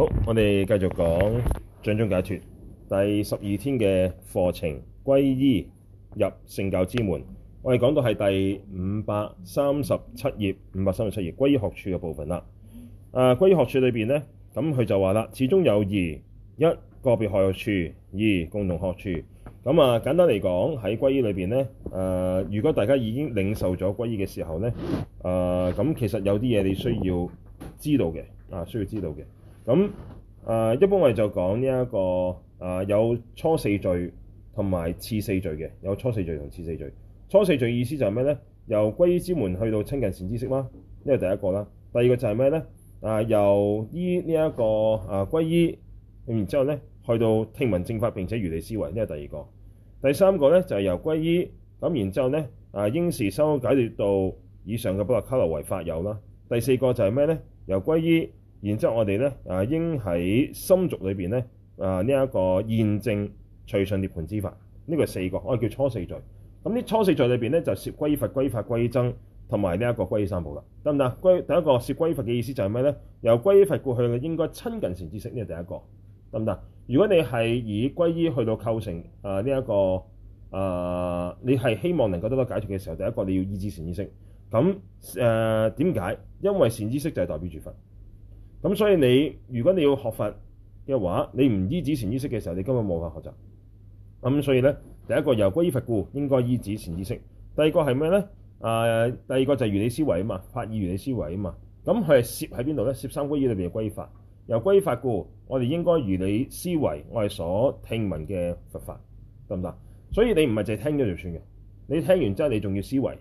好，我哋繼續講《掌中解脫》第十二天嘅課程，皈依入聖教之門。我哋講到係第五百三十七頁，五百三十七頁皈依學處嘅部分啦。誒，皈依學處、啊、裏邊咧，咁佢就話啦，始終有二：一各別學處，二共同學處。咁啊，簡單嚟講喺皈依裏邊咧，誒、呃，如果大家已經領受咗皈依嘅時候咧，誒、呃，咁其實有啲嘢你需要知道嘅，啊，需要知道嘅。咁誒、嗯，一般我哋就講呢、這、一個誒、呃，有初四聚同埋次四聚嘅，有初四聚同次四聚，初四聚意思就係咩呢？由皈依之門去到親近善知識啦，呢個第一個啦。第二個就係咩呢？誒、呃，由依呢、這、一個誒、呃、皈依，然後之後呢去到聽聞正法並且如理思維，呢個第二個。第三個呢就係、是、由皈依，咁然後之後呢，誒、呃、應時修解脫道以上嘅不波羅密為法有啦。第四個就係咩呢？由皈依。然之後我，我哋咧啊，應喺心續裏邊咧啊，呢一個現證隨順涅槃之法，呢、這個係四個，我哋叫初四罪。咁呢初四罪裏邊咧，就涉歸佛、歸法、歸僧同埋呢一個歸依三寶啦，得唔得？歸第一個涉歸依佛嘅意思就係咩咧？由歸依佛過去嘅應該親近善知識，呢係第一個得唔得？如果你係以歸依去到構成啊呢、呃、一個啊、呃，你係希望能夠得到解脫嘅時候，第一個你要依止善知識。咁誒點解？因為善知識就係代表住佛。咁、嗯、所以你如果你要學佛嘅話，你唔依止善知識嘅時候，你根本冇法學習。咁、嗯、所以咧，第一個由歸依佛故，應該依止善知識；第二個係咩咧？啊、呃，第二個就係如理思維啊嘛，法義如理思維啊嘛。咁佢係攝喺邊度咧？攝三歸依裏面嘅歸法，由歸法故，我哋應該如理思維，我哋所聽聞嘅佛法，得唔得？所以你唔係淨係聽咗就算嘅，你聽完之後你仲要思維，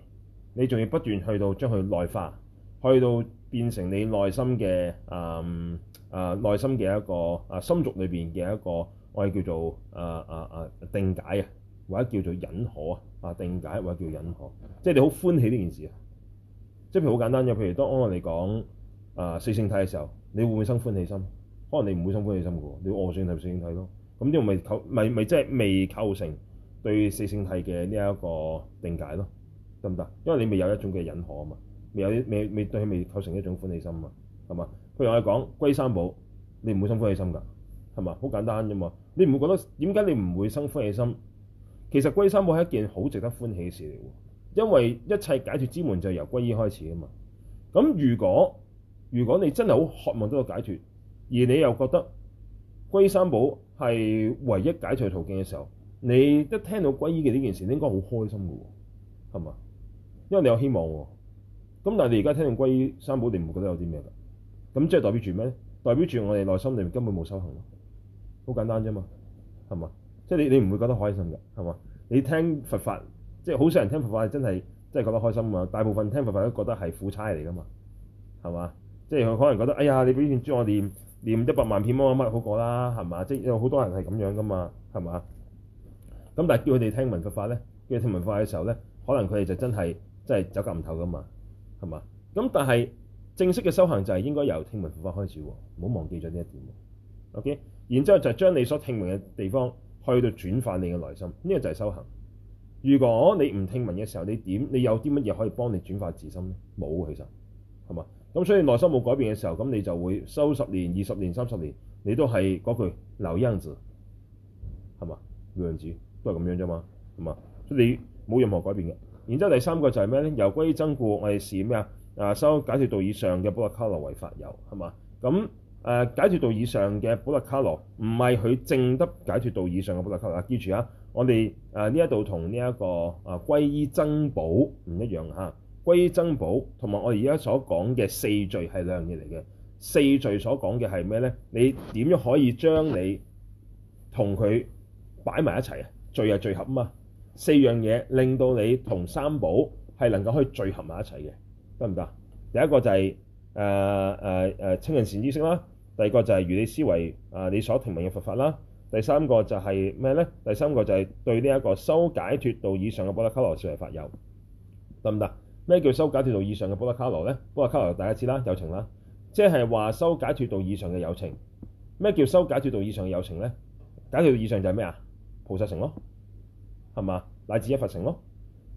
你仲要不斷去到將佢內化，去到。變成你內心嘅誒誒內心嘅一個誒心續裏邊嘅一個我哋叫做誒誒誒定解啊，或者叫做忍可啊啊定解或者叫忍可，即係你好歡喜呢件事啊！即係譬如好簡單嘅，譬如當我哋講誒四聖諦嘅時候，你會唔會生歡喜心？可能你唔會生歡喜心嘅喎，你惡性睇四聖諦咯。咁呢個咪構咪咪即係未構成對四聖諦嘅呢一個定解咯，得唔得？因為你未有一種嘅忍可啊嘛。有未未，未對佢未構成一種歡喜心啊？係嘛？譬如我哋講歸三寶，你唔會生歡喜心㗎係嘛？好簡單啫嘛。你唔會覺得，點解你唔會生歡喜心？其實歸三寶係一件好值得歡喜嘅事嚟，因為一切解脫之門就由歸依開始啊嘛。咁如果如果你真係好渴望得到解脫，而你又覺得歸三寶係唯一解除途徑嘅時候，你一聽到歸依嘅呢件事，你應該好開心㗎，係嘛？因為你有希望喎。咁但係你而家聽完皈依三寶，你唔會覺得有啲咩啦。咁即係代表住咩咧？代表住我哋內心裏面根本冇修行咯，好簡單啫嘛，係嘛？即係你你唔會覺得開心嘅，係嘛？你聽佛法，即係好少人聽佛法係真係真係覺得開心㗎嘛。大部分聽佛法都覺得係苦差嚟㗎嘛，係嘛？即係佢可能覺得哎呀，你俾段經我念念一百萬片乜乜乜好過啦，係嘛？即係有好多人係咁樣㗎嘛，係嘛？咁但係叫佢哋聽聞佛法咧，叫佢哋聽聞佛法嘅時候咧，可能佢哋就真係真係走夾唔透㗎嘛。係嘛？咁但係正式嘅修行就係應該由聽聞佛法開始，唔好忘記咗呢一點。OK，然之後就將你所聽聞嘅地方去到轉化你嘅內心，呢、這個就係修行。如果你唔聽聞嘅時候，你點？你有啲乜嘢可以幫你轉化自心呢？冇，其實，係嘛？咁所以內心冇改變嘅時候，咁你就會收十年、二十年、三十年，你都係嗰句留音字，係嘛？樣子，樣子都係咁樣啫嘛，係嘛？所以你冇任何改變嘅。然之後第三個就係咩咧？由歸依僧故，我哋試咩啊？啊，修解脫道以上嘅補特伽羅為法有，係嘛？咁誒、嗯，解脫道以上嘅補特伽羅唔係佢正得解脫道以上嘅補特伽羅啊！記住啊，我哋誒呢一度同呢一個誒、啊、歸依僧寶唔一樣嚇、啊。歸依僧寶同埋我而家所講嘅四聚係兩樣嘢嚟嘅。四聚所講嘅係咩咧？你點樣可以將你同佢擺埋一齊啊？聚係聚合啊嘛！四樣嘢令到你同三寶係能夠可以聚合埋一齊嘅，得唔得？第一個就係誒誒誒清淨善知識啦，第二個就係如理思維啊、呃，你所聽聞嘅佛法啦，第三個就係咩咧？第三個就係對呢一個修解脫道以上嘅補特伽羅視為法友，得唔得？咩叫修解脫道以上嘅補特伽羅咧？補特伽羅大家知啦，有情啦，即係話修解脫道以上嘅有情。咩叫修解脫道以上嘅有情咧？解脫道以上就係咩啊？菩薩城咯。係嘛？乃至一佛乘咯，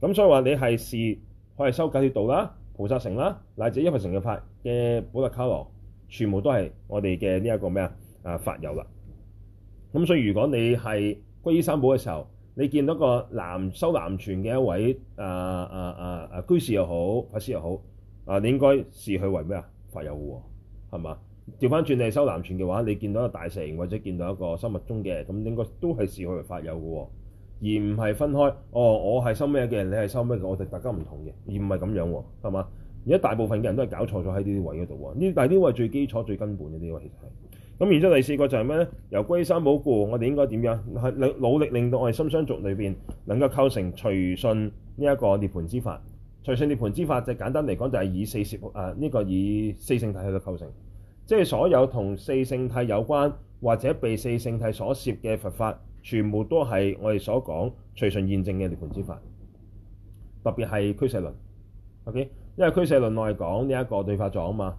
咁所以話你係視可以修解脫道啦、菩薩乘啦、乃至一佛乘嘅法嘅補特伽羅，全部都係我哋嘅呢一個咩啊？啊，法友啦。咁所以如果你係皈依三寶嘅時候，你見到個南修南傳嘅一位啊啊啊啊居士又好，法師又好，啊，啊啊啊你應該視佢為咩啊？法友喎、哦，係嘛？調翻轉你修南傳嘅話，你見到一個大乘或者見到一個修密宗嘅，咁應該都係視佢為法友噶喎、哦。而唔係分開，哦，我係收咩嘅人，你係收咩嘅，我哋大家唔同嘅，而唔係咁樣喎，係嘛？而家大部分嘅人都係搞錯咗喺呢啲位嗰度喎。呢但係呢個係最基礎、最根本嘅，呢個其實係咁。然之後第四個就係咩咧？由歸三寶故，我哋應該點樣係努力令到我哋心相續裏邊能夠構成隨順呢一個涅槃之法。隨順涅槃之法，就簡單嚟講，就係以四攝誒呢個以四性體去構成，即係所有同四性體有關或者被四性體所涉嘅佛法。全部都係我哋所講隨順現證嘅涅槃之法，特別係俱舍論。OK，因為俱舍論我係講呢一個對法狀啊嘛，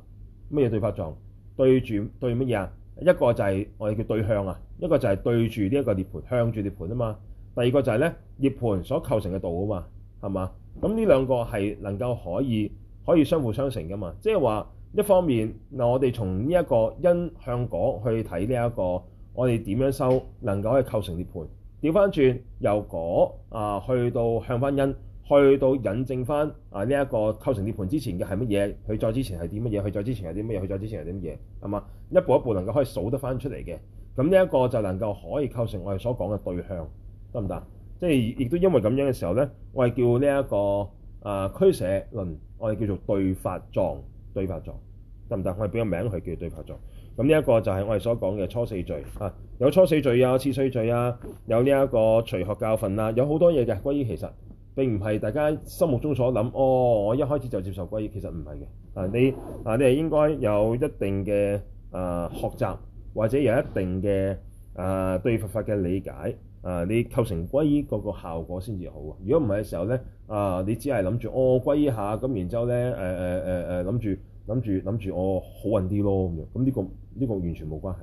乜嘢對法狀？對住對乜嘢啊？一個就係我哋叫對向啊，一個就係對住呢一個涅槃，向住涅槃啊嘛。第二個就係咧涅槃所構成嘅道啊嘛，係嘛？咁呢兩個係能夠可以可以相輔相成噶嘛？即係話一方面嗱，我哋從呢一個因向果去睇呢一個。我哋點樣收能夠可以構成涅槃？調翻轉由果、那、啊、個呃、去到向翻因，去到引證翻啊呢一個構成涅槃之前嘅係乜嘢？佢再之前係啲乜嘢？佢再之前係啲乜嘢？佢再之前係啲乜嘢？係嘛？一步一步能夠可以數得翻出嚟嘅，咁呢一個就能夠可以構成我哋所講嘅對向，得唔得？即係亦都因為咁樣嘅時候呢，我係叫呢、這、一個啊、呃、俱舍論，我哋叫做對法藏，對法藏，得唔得？我哋俾個名佢叫對法藏。咁呢一個就係我哋所講嘅初四罪啊，有初四罪啊，次四罪啊，有呢一個隨學教訓啦，有好多嘢嘅。皈依其實並唔係大家心目中所諗，哦，我一開始就接受皈依，其實唔係嘅。啊，你啊，你係應該有一定嘅啊、呃、學習，或者有一定嘅啊、呃、對佛法嘅理解啊，你構成皈依嗰個效果先至好啊。如果唔係嘅時候咧，啊，你只係諗住哦皈依下，咁然之後咧，誒誒誒誒諗住諗住諗住我好運啲咯咁樣，咁、嗯、呢、這個。呢個完全冇關係，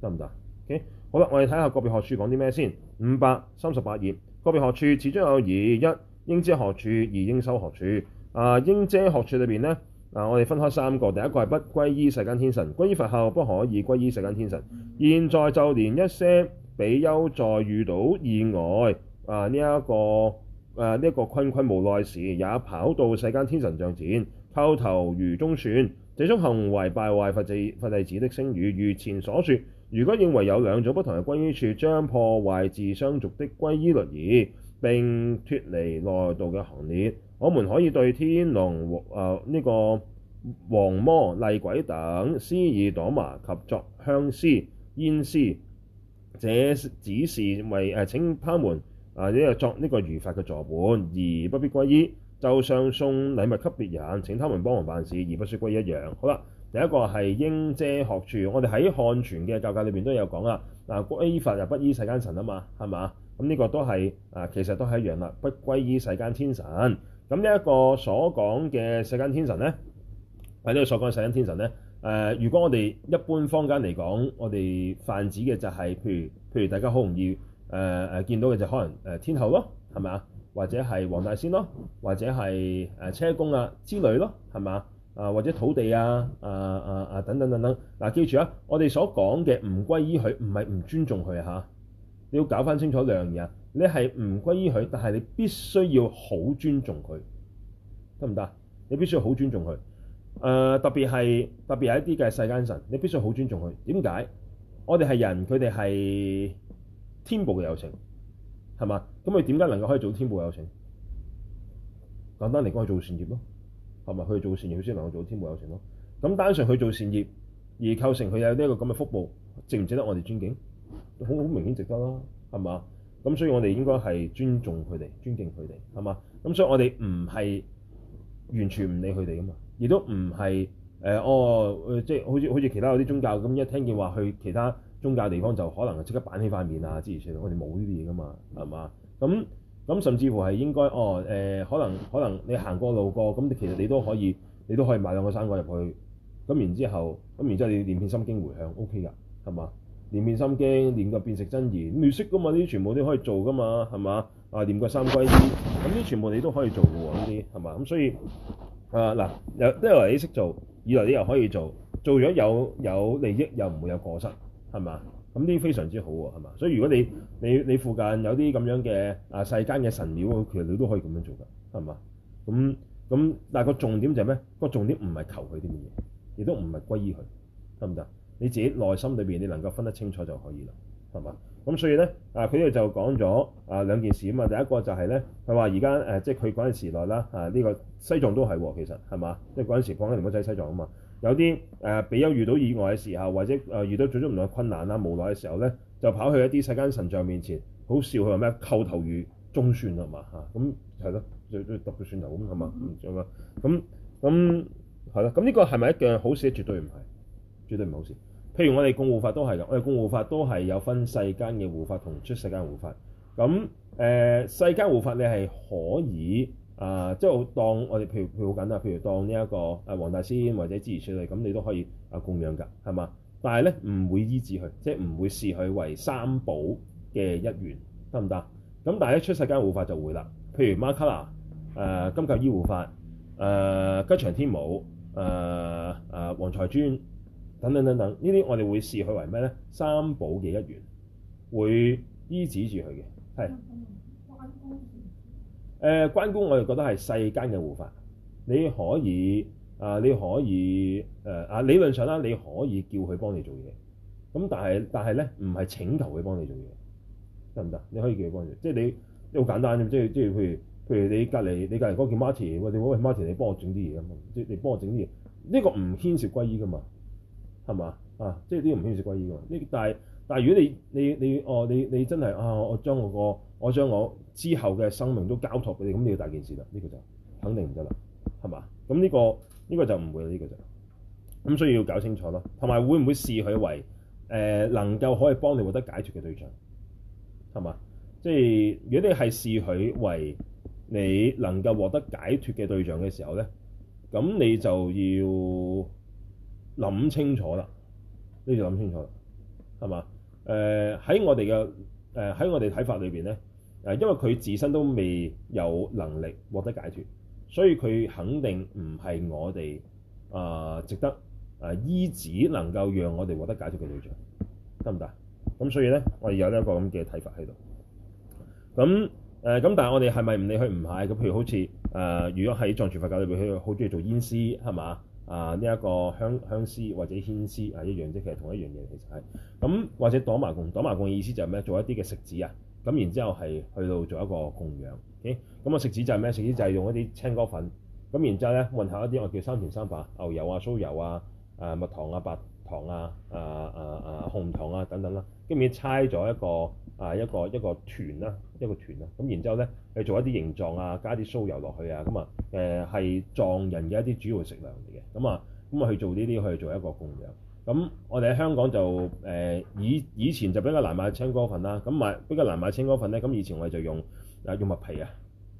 得唔得？OK，好啦，我哋睇下各別學處講啲咩先。五百三十八頁，各別學處始終有二一，應遮學處二應修學處。啊，應遮學處裏邊呢，啊，我哋分開三個，第一個係不皈依世間天神，皈依佛後不可以皈依世間天神。現在就連一些比丘在遇到意外啊呢一、這個誒呢一個窘困無奈時，也跑到世間天神像前，叩頭如倒蒜。這種行為敗壞法弟佛弟子的聲譽，如前所述。如果認為有兩種不同嘅皈依處，將破壞自相續的皈依律儀，並脫離內道嘅行列。我們可以對天龍、啊、呃、呢、這個王魔、厲鬼等施以朵瑪及作香施煙施，這只是為誒、呃、請他們啊呢、呃、個作呢個如法嘅助伴，而不必皈依。就像送禮物給別人，請他們幫忙辦事，而不需歸一樣。好啦，第一個係應遮學處，我哋喺漢傳嘅教界裏邊都有講啦。嗱，皈佛就不依世間神啊嘛，係嘛？咁呢個都係啊，其實都係一樣啦，不歸依世間天神。咁呢一個所講嘅世間天神呢？喺呢個所講嘅世間天神呢？誒、呃，如果我哋一般坊間嚟講，我哋泛指嘅就係、是、譬如譬如大家好容易誒誒、呃、見到嘅就可能誒、呃、天后咯，係咪啊？或者係黃大仙咯，或者係誒車公啊之類咯，係嘛？啊或者土地啊啊啊啊，等等等等。嗱、啊，記住啊，我哋所講嘅唔歸依佢，唔係唔尊重佢吓。你要搞翻清楚兩樣嘢，你係唔歸依佢，但係你必須要好尊重佢，得唔得？你必須要好尊重佢。誒、呃，特別係特別係一啲嘅世間神，你必須要好尊重佢。點解？我哋係人，佢哋係天部嘅有情。係嘛？咁佢點解能夠可以做到天無有情？簡單嚟講，去做善業咯，係咪？佢做，做，做善業，佢先能夠做到天無有情咯。咁單純去做善業而構成佢有呢一個咁嘅福報，值唔值得我哋尊敬？好好 明顯值得啦，係嘛？咁所以我哋應該係尊重佢哋，尊敬佢哋，係嘛？咁所以我哋唔係完全唔理佢哋噶嘛，亦都唔係誒哦，呃、即係好似好似其他有啲宗教咁，一聽見話去其他。宗教地方就可能即刻板起塊面啊！之持出我哋冇呢啲嘢噶嘛，係嘛？咁咁甚至乎係應該哦誒、呃，可能可能你行過路過咁，其實你都可以，你都可以買兩個生果入去。咁然之後，咁然之後你念片心經迴向 o k 㗎，係嘛？念、okay、片心經念個變食真言，你識噶嘛？呢啲全部都可以做噶嘛，係嘛？啊，念個三歸依咁，呢啲全部你都可以做㗎喎，呢啲係嘛？咁所以啊嗱，有一來你識做，二來你又可以做，做咗有有利益又唔會有過失。係嘛？咁呢啲非常之好喎、啊，係嘛？所以如果你你你附近有啲咁樣嘅啊世間嘅神廟，其實你都可以咁樣做㗎，係嘛？咁咁，但係個重點就係咩？個重點唔係求佢啲乜嘢，亦都唔係皈依佢，得唔得？你自己內心裏邊你能夠分得清楚就可以啦，係嘛？咁所以咧啊，佢呢度就講咗啊兩件事啊嘛，第一個就係咧，佢話而家誒即係佢嗰陣時代啦，啊呢個西藏都係喎，其實係嘛？即係嗰陣時講緊條仔西藏啊嘛。有啲誒，比丘遇到意外嘅時候，或者誒遇到最終唔同嘅困難啦、無奈嘅時候咧，就跑去一啲世間神像面前，好笑佢話咩？叩頭如倒蒜」係嘛嚇？咁係咯，最最揼住蒜頭咁係嘛？咁咁係咯，咁呢個係咪一樣好事咧？絕對唔係，絕對唔好事。譬如我哋共護法都係嘅，我哋共護法都係有分世間嘅護法同出世間護法。咁誒，世間護法你係可以。啊，即係當我哋譬，譬如佢好簡單，譬如當呢、這、一個誒黃、啊、大仙或者支持出嚟，咁你都可以啊供養㗎，係嘛？但係咧唔會依止佢，即係唔會視佢為三寶嘅一員，得唔得？咁但係一出世間護法就會啦，譬如 Mahakala、呃、金甲衣護法誒、呃、吉祥天母誒誒、呃呃、黃財尊等等等等，呢啲我哋會視佢為咩咧？三寶嘅一員，會依止住佢嘅，係。誒、呃、關公我哋覺得係世間嘅護法，你可以啊、呃、你可以誒啊、呃、理論上啦你可以叫佢幫你做嘢，咁但係但係咧唔係請求佢幫你做嘢，得唔得？你可以叫佢幫你做嘢，即係你，你好簡單啫，即係即係譬如譬如你隔離你隔離嗰個叫 Martin，喂你喂 Martin，你幫我整啲嘢啊嘛，即你你幫我整啲嘢，呢、這個唔牽涉皈依噶嘛，係嘛啊？即係呢個唔牽涉皈依噶嘛，呢但係。但係如果你你你哦你你真係啊我將我個我將我之後嘅生命都交託畀你，咁你要大件事啦，呢個就肯定唔得啦，係嘛？咁呢個呢個就唔會呢個就咁，所以要搞清楚咯。同埋會唔會視佢為誒、呃、能夠可以幫你獲得解脫嘅對象，係嘛？即係如果你係視佢為你能夠獲得解脫嘅對象嘅時候咧，咁你就要諗清楚啦，呢度諗清楚啦，係嘛？誒喺、呃、我哋嘅誒喺我哋睇法裏邊咧，誒、呃、因為佢自身都未有能力獲得解脫，所以佢肯定唔係我哋啊、呃、值得誒依止能夠讓我哋獲得解脫嘅對象，得唔得？咁所以咧，我哋有呢一個咁嘅睇法喺度。咁誒咁，但係我哋係咪唔理佢？唔係，咁譬如好似誒、呃，如果喺藏傳佛教裏邊，佢好中意做煙施，係嘛？啊！呢、這、一個香香施或者煙施啊一樣即其實同一樣嘢其實係咁，或者朵瑪、朵瑪嘅意思就係咩？做一啲嘅食子啊，咁然之後係去到做一個供養。咁啊食子就係咩？食子就係用一啲青稞粉，咁然之後咧混合一啲我叫三甜三白，牛油啊、酥油啊、誒、啊、蜜糖啊、白、啊啊啊、糖啊、誒誒誒紅糖啊等等啦，跟住拆咗一個。啊一個一個團啦，一個團啦，咁然之後咧、呃啊，去做一啲形狀啊，加啲酥油落去啊，咁啊，誒係藏人嘅一啲主要食糧嚟嘅，咁啊，咁啊去做呢啲去做一個供養。咁我哋喺香港就誒以、呃、以前就比較難買青稞粉啦，咁買比較難買青稞粉咧，咁以前我哋就用啊用麥皮啊，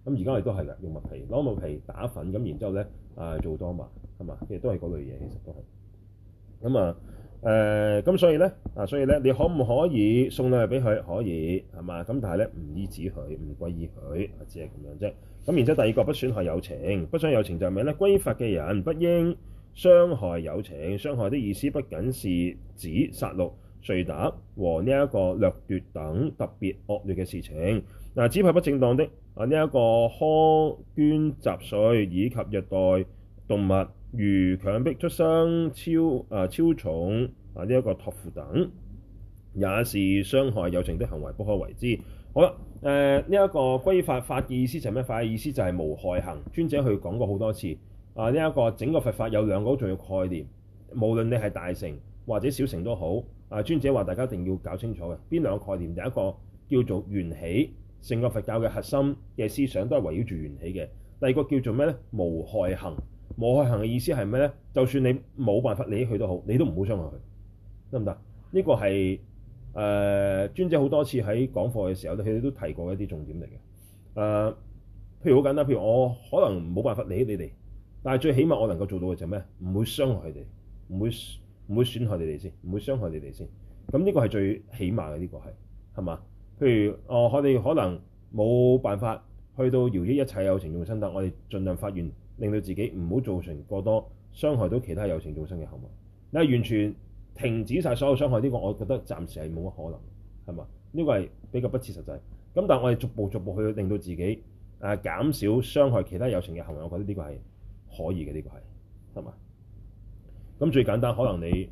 咁而家我哋都係噶，用麥皮攞麥皮打粉，咁然之後咧啊做糌粑，係嘛，其實都係嗰類嘢，其實都係，咁啊。誒咁、呃、所以咧啊，所以咧，你可唔可以送禮俾佢？可以係嘛？咁但係咧，唔依止佢，唔歸依佢，只係咁樣啫。咁然之後第二個不損害有情，不傷有情就係咩咧？皈法嘅人不應傷害有情。傷害的意思不僅是指殺戮、捶打和呢一個掠奪等特別惡劣嘅事情。嗱、啊，只係不正當的啊，呢、這、一個苛捐雜稅以及虐待動物。如強迫出生、超啊、呃、超重啊呢一、這個馱負等，也是傷害有情的行為，不可為之。好啦，誒呢一個皈法法嘅意，意思就係咩？法嘅意思就係無害行。尊者去講過好多次啊，呢、這、一個整個佛法有兩個重要概念，無論你係大乘或者小乘都好。啊，尊者話大家一定要搞清楚嘅，邊兩個概念？第一個叫做緣起，整個佛教嘅核心嘅思想都係圍繞住緣起嘅。第二個叫做咩咧？無害行。冇可行嘅意思係咩咧？就算你冇辦法理佢都好，你都唔好傷害佢，得唔得？呢個係誒尊者好多次喺講課嘅時候，佢哋都提過一啲重點嚟嘅。誒、呃，譬如好簡單，譬如我可能冇辦法理你哋，但係最起碼我能夠做到嘅就係咩？唔會，會，會，會傷害你哋，唔會唔會損害你哋先，唔會傷害你哋先。咁呢個係最起碼嘅，呢、這個係係嘛？譬如、呃、我我哋可能冇辦法去到饒益一切有情眾生得，我哋盡量發願。令到自己唔好造成過多傷害到其他有情眾生嘅行為，你係完全停止晒所有傷害呢、呢個，我覺得暫時係冇乜可能，係嘛？呢、呢個係比較不切實際。咁但係我哋逐步逐步去令到自己誒、啊、減少傷害其他有情嘅行為，我覺得呢個係可以嘅，呢、呢個係係嘛？咁最簡單，可能你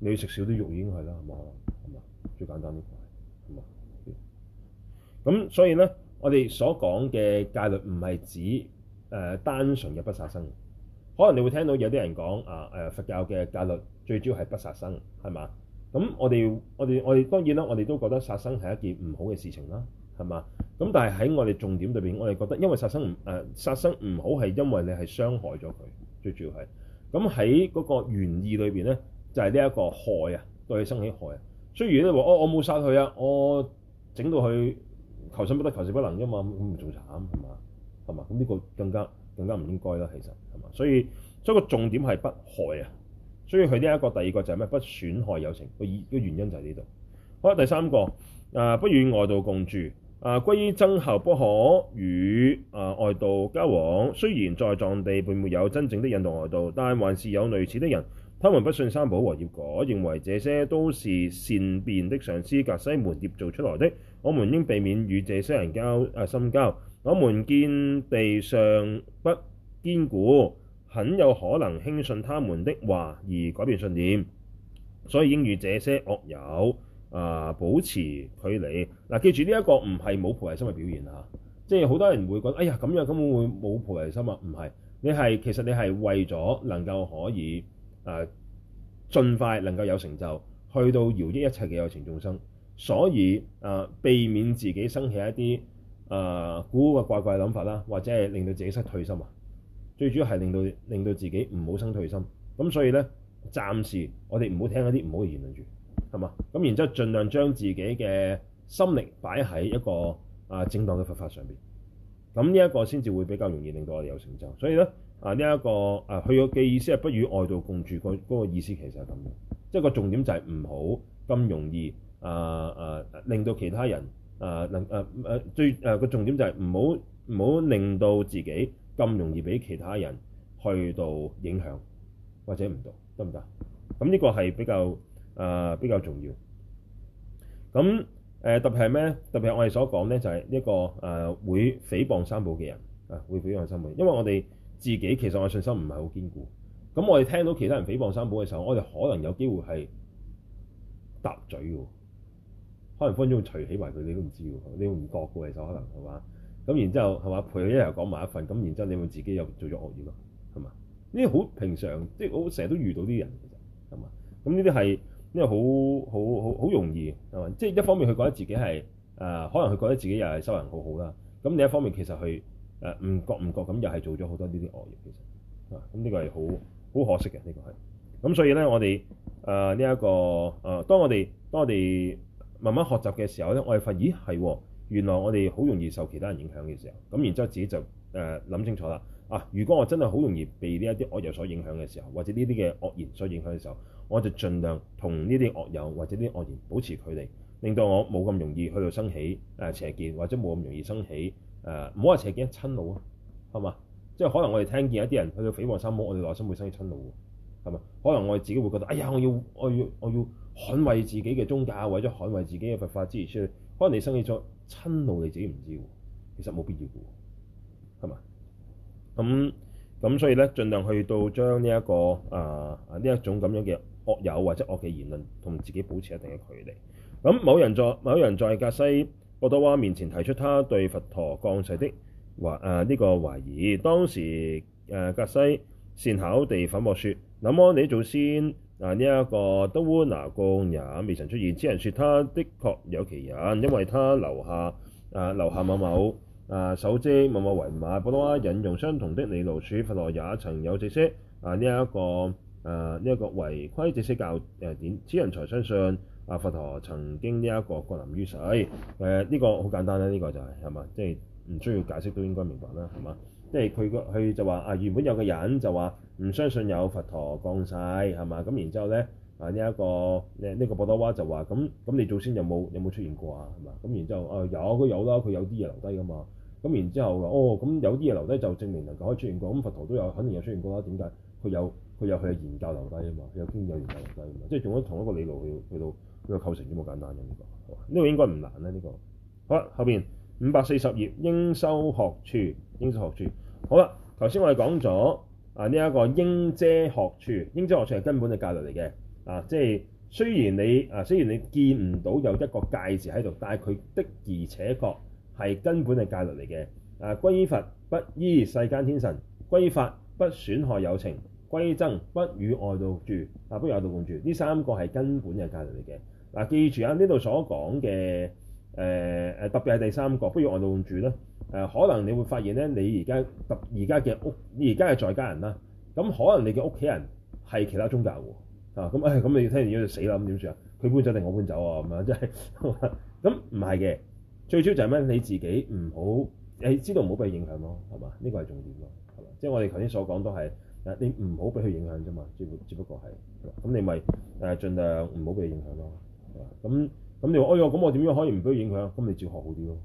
你食少啲肉已經係啦，冇可能係嘛？最簡單呢個係係嘛？咁所以呢，我哋所講嘅戒律唔係指，誒、呃，單純嘅不殺生，可能你會聽到有啲人講啊，誒、呃呃，佛教嘅戒律最主要係不殺生，係嘛？咁我哋我哋我哋當然啦，我哋都覺得殺生係一件唔好嘅事情啦，係嘛？咁但係喺我哋重點裏邊，我哋覺得因為殺生唔誒殺生唔好係因為你係傷害咗佢，最主要係咁喺嗰個原意裏邊咧，就係呢一個害啊對佢生起害啊。雖然你話哦，我冇殺佢啊，我整到佢求生不得求死不能啫嘛，咁唔仲慘係嘛？係嘛？咁呢、嗯，這個更加更加唔應該啦，其實係嘛？所以所以個重點係不害啊，所以佢呢一個第二個就係咩？不損害有情，個意原因就係呢度。好啦，第三個啊、呃，不與外道共住啊，皈依僧後不可與啊、呃、外道交往。雖然在藏地並沒有真正的印度外道，但還是有類似的人，他們不信三寶和業果，認為這些都是善辯的上師、格西們捏造出來的。我們應避免與這些人交啊深、呃、交。我們見地尚不堅固，很有可能輕信他們的話而改變信念，所以應與這些惡友啊、呃、保持距離。嗱、啊，記住呢一、這個唔係冇菩提心嘅表現嚇、啊，即係好多人會覺得，哎呀咁樣根本會冇菩提心啊。唔係，你係其實你係為咗能夠可以啊、呃，盡快能夠有成就，去到饒益一切嘅有情眾生，所以啊、呃，避免自己生起一啲誒、呃、古古怪怪嘅諗法啦，或者係令到自己失退心啊，最主要係令到令到自己唔好生退心。咁所以咧，暫時我哋唔好聽一啲唔好嘅言論住，係嘛？咁然之後盡量將自己嘅心力擺喺一個啊、呃、正當嘅佛法上邊。咁呢一個先至會比較容易令到我哋有成就。所以咧，啊呢一個啊佢嘅意思係不與外道共住，個嗰個意思其實係咁嘅，即係個重點就係唔好咁容易啊啊、呃呃、令到其他人。誒能誒誒最誒個、呃呃呃、重點就係唔好唔好令到自己咁容易俾其他人去到影響或者唔到，得唔得？咁、嗯、呢、這個係比較誒、呃、比較重要。咁誒特別係咩咧？特別係我哋所講咧，就係、是、一、這個誒、呃、會誹謗三寶嘅人啊，會誹謗三寶。因為我哋自己其實我信心唔係好堅固，咁、嗯、我哋聽到其他人誹謗三寶嘅時候，我哋可能有機會係搭嘴喎。可能分分鐘除起埋佢，你都唔知，你唔覺嘅其實可能係嘛？咁然之後係嘛？陪佢一日講埋一份，咁然之後你會自己又做咗惡業啊？係嘛？呢啲好平常，即係我成日都遇到啲人，其實係嘛？咁呢啲係因為好好好好容易，係嘛？即係一方面佢覺得自己係誒、呃，可能佢覺得自己又係收人好好啦。咁另一方面其實佢誒唔覺唔覺咁又係做咗好多呢啲惡業，其實啊，咁呢個係好好可惜嘅，呢、這個係。咁所以咧，我哋誒呢一個誒、呃，當我哋當我哋。慢慢學習嘅時候咧，我哋發現，咦係，原來我哋好容易受其他人影響嘅時候，咁然之後自己就誒諗、呃、清楚啦。啊，如果我真係好容易被呢一啲惡友所影響嘅時候，或者呢啲嘅惡言所影響嘅時候，我就盡量同呢啲惡友或者啲惡言保持距離，令到我冇咁容易去到生起誒、呃、邪見，或者冇咁容易生起誒唔好話邪見瞋怒啊，係嘛？即係可能我哋聽見一啲人去到誹謗三寶，我哋內心會生起瞋怒喎，係咪？可能我哋自己會覺得，哎呀，我要我要我要。捍衛自己嘅宗教，為咗捍衛自己嘅佛法，之餘出嚟，可能你生起咗親怒，親你自己唔知喎，其實冇必要嘅，係咪？咁、嗯、咁所以咧，盡量去到將呢一個啊呢、呃、一種咁樣嘅惡友或者惡嘅言論，同自己保持一定嘅距離。咁、嗯、某人在某人在格西博朵瓦面前提出他對佛陀降世的懷啊呢個懷疑，當時誒、呃、格西善巧地反駁説：那麼你祖先？嗱呢一個德烏那貢也未曾出現。此人說，他的確有其人，因為他留下啊留下某某啊手跡、某某遺物。博朵瓦引用相同的理路說，佛陀也曾有、啊、這些、個、啊呢一、這個啊呢一個遺規這些教誡點。此人才相信啊佛陀曾經呢一個降臨於世。誒、啊、呢、這個好簡單啦、啊,呢、這個就係係嘛，即係唔需要解釋都應該明白啦，係嘛？即係佢個佢就話、是、啊原本有個人就話。唔相信有佛陀降世係嘛？咁然之後咧啊呢一、這個呢呢、這個博朵瓦就話咁咁你祖先有冇有冇出現過啊？係嘛？咁然之後啊有佢有啦，佢有啲嘢留低㗎嘛。咁然之後哦，咁有啲嘢留低就證明能夠出現過。咁佛陀都有，肯定有出現過啦。點解佢有佢有佢嘅研究留低啊嘛？佢有經有研究留低啊嘛？即係用咗同一個理路去去到呢個構成都冇簡單嘅呢、這個，呢、這個應該唔難咧。呢、這個好啦，後邊五百四十頁應修學處，應修學處。好啦，頭先我哋講咗。啊！呢、這、一個應遮學處，應遮學處係根本嘅戒律嚟嘅。啊，即係雖然你啊，雖然你見唔到有一個戒字喺度，但係佢的而且確係根本嘅戒律嚟嘅。啊，歸佛不依世間天神，歸法不損害有情，歸僧不與外道住。啊，不與外道共住。呢三個係根本嘅戒律嚟嘅。嗱、啊，記住啊，呢度所講嘅誒誒，特別係第三個，不與外道共住啦。誒可能你會發現咧，你而家特而家嘅屋，你而家係在家人啦。咁可能你嘅屋企人係其他宗教喎。啊，咁誒，咁你要聽完之後死啦，咁點算啊？佢搬走定我搬走啊？咁樣即係，咁唔係嘅。最主要就係咩？你自己唔好，誒知道唔好俾影響咯，係嘛？呢個係重點咯，係嘛？即係我哋頭先所講都係，你唔好俾佢影響啫嘛。只不只不過係，咁你咪誒盡量唔好俾影響咯，係嘛？咁咁你話，哎呀，咁我點樣可以唔俾佢影響？咁你照要學好啲咯。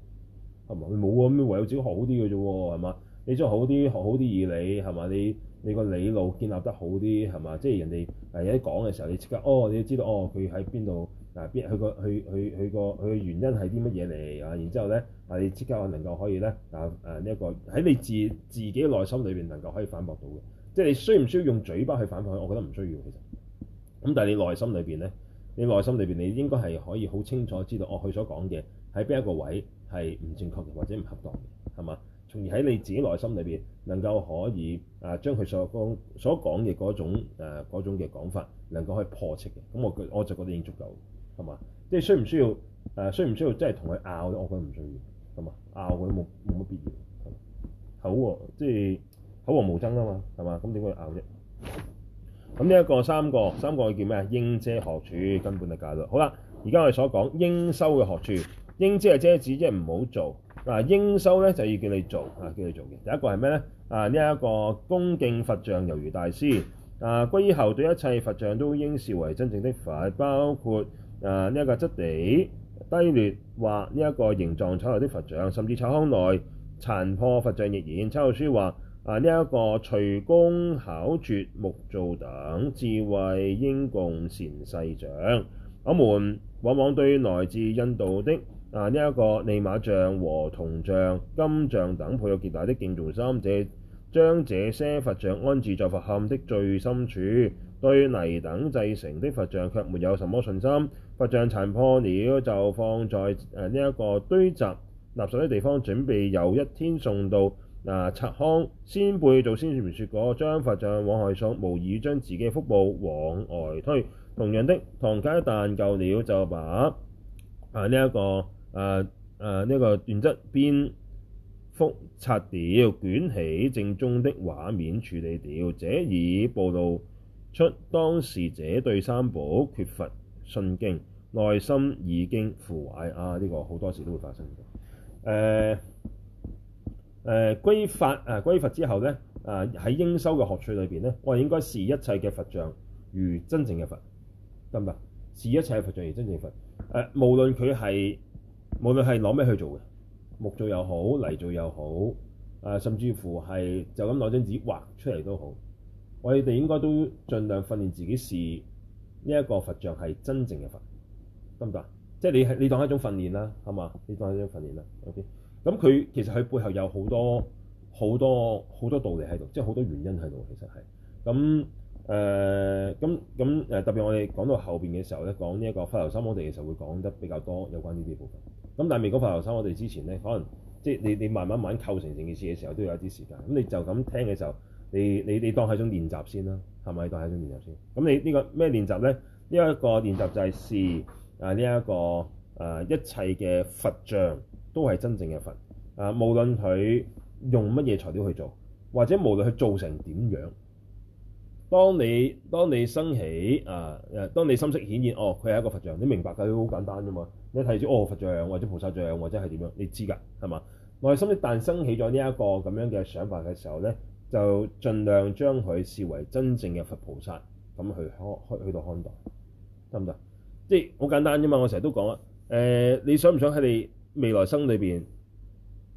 係嘛？佢冇啊，咁唯有自己學好啲嘅啫喎。係嘛？你學好啲，學好啲二理，係嘛？你你個理路建立得好啲，係嘛？即係人哋嚟一講嘅時候，你即刻哦，你要知道哦，佢喺邊度嗱？邊佢個佢佢佢個佢嘅原因係啲乜嘢嚟啊？然之後咧，啊，你即刻能夠可以咧啊誒呢、啊、一個喺你自自己內心裏邊能夠可以反駁到嘅，即係你需唔需要用嘴巴去反駁去？我覺得唔需要其實。咁但係你內心裏邊咧，你內心裏邊你應該係可以好清楚知道哦，佢所講嘅喺邊一個位係唔正確嘅或者唔恰當，係嘛？從而喺你自己內心裏邊能夠可以誒、呃、將佢所講所講嘅嗰種誒嗰種嘅講法能夠可以破斥嘅，咁我我就覺得已經足夠，係嘛？即係需唔需要誒、呃？需唔需要即係同佢拗？我覺得唔需要，係嘛？拗佢冇冇乜必要，係嘛？口喎，即係口和無爭啊嘛，係嘛？咁點解拗啫？咁呢一個三個三個叫咩啊？應遮學處根本嘅解讀。好啦，而家我哋所講應修嘅學處。應知係遮止，即係唔好做。嗱、啊，應修咧就要叫你做，啊，叫你做嘅。第一個係咩咧？啊，呢、這、一個恭敬佛像猶如大師啊，皈依後對一切佛像都應視為真正的佛，包括啊呢一、這個質地低劣或呢一個形狀醜陋的佛像，甚至擦康內殘破佛像亦然。親友書話啊，呢、這、一個隨工巧拙木造等，智者應供善逝像。我們往往對來自印度的。但呢一個利瑪像和銅像、金像等抱有極大的敬重心，這將這些佛像安置在佛龕的最深處。對泥等製成的佛像卻沒有什麼信心。佛像殘破了就放在誒呢一個堆集垃，垃圾的地方，準備有一天送到嗱、啊、擦康。先輩祖師們說過，將佛像往外送，無異將自己福報往外推。同樣的，唐卡一舊了就把啊呢一、這個。誒誒呢個緞質邊幅拆掉，捲起正中的畫面處理掉，這已暴露出當事者對三寶缺乏信敬，內心已經腐壞啊！呢、這個好多時都會發生嘅誒誒。歸佛啊，歸、呃呃、佛之後咧啊，喺、呃、應修嘅學處裏邊咧，我哋應該視一切嘅佛像如真正嘅佛，得唔得？視一切嘅佛像如真正佛誒、呃，無論佢係。無論係攞咩去做嘅木做又好，泥做又好，誒、呃、甚至乎係就咁攞張紙畫出嚟都好，我哋應該都盡量訓練自己是呢一個佛像係真正嘅佛，得唔得？即係你係你當係一種訓練啦，係嘛？你當係一種訓練啦。OK，咁佢其實佢背後有好多好多好多道理喺度，即係好多原因喺度。其實係咁誒，咁咁誒特別我哋講到後邊嘅時候咧，講呢一個佛法僧，我哋嘅時候會講得比較多有關呢啲部分。咁但係未講佛頭山，我哋之前咧，可能即係你你慢慢慢構成成件事嘅時候，都有一啲時間。咁你就咁聽嘅時候，你你你當係種練習先啦，係咪？當係種練習先。咁你呢個咩練習咧？呢一個練習就係試啊，呢一個啊一切嘅佛像都係真正嘅佛啊，無論佢用乜嘢材料去做，或者無論佢做成點樣，當你當你生起啊，當你心色顯現，哦，佢係一個佛像，你明白佢好簡單啫嘛。你睇住哦佛像或者菩薩像或者係點樣，你知噶係嘛？內心一旦生起咗呢一個咁樣嘅想法嘅時候咧，就盡量將佢視為真正嘅佛菩薩咁去看去去到看待得唔得？即係好簡單啫嘛！我成日都講啊，誒、呃，你想唔想喺你未來生裏邊